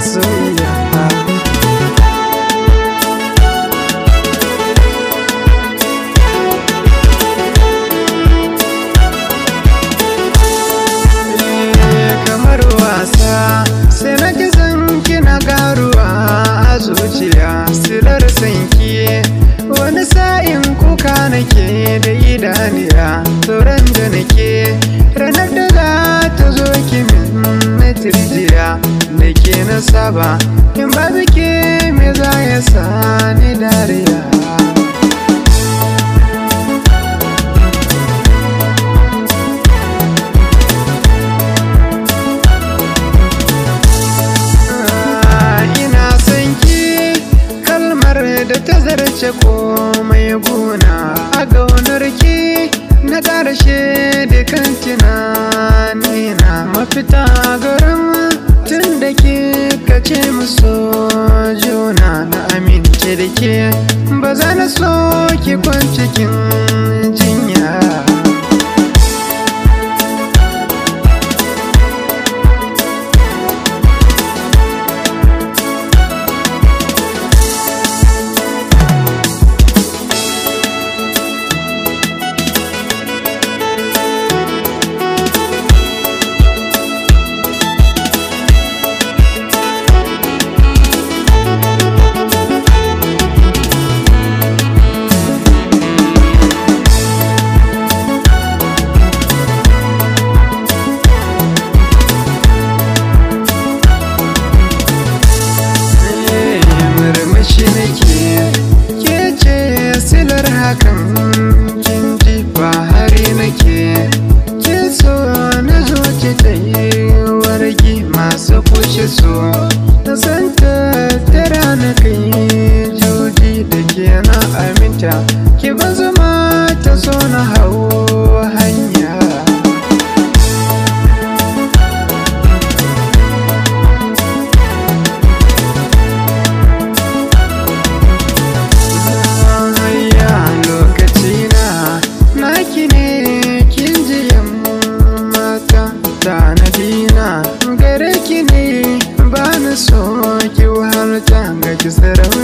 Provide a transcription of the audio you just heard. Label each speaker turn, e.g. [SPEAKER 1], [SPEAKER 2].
[SPEAKER 1] masoya eh, kamar wasa sai na ki kina garuwa a zuciya silar sanki wani sa'in kuka nake da idaniya sauran da nake ba in babu ke me za ya sani dariya ah, da ta zarce komai gona a gaunarki na ƙarshe da kan tunanina mafita garin ke ba za na so ki kwan cikin Instagram ki ne kin ji mata da na dina gare ki ne ba so ki wahalta ga ki sarau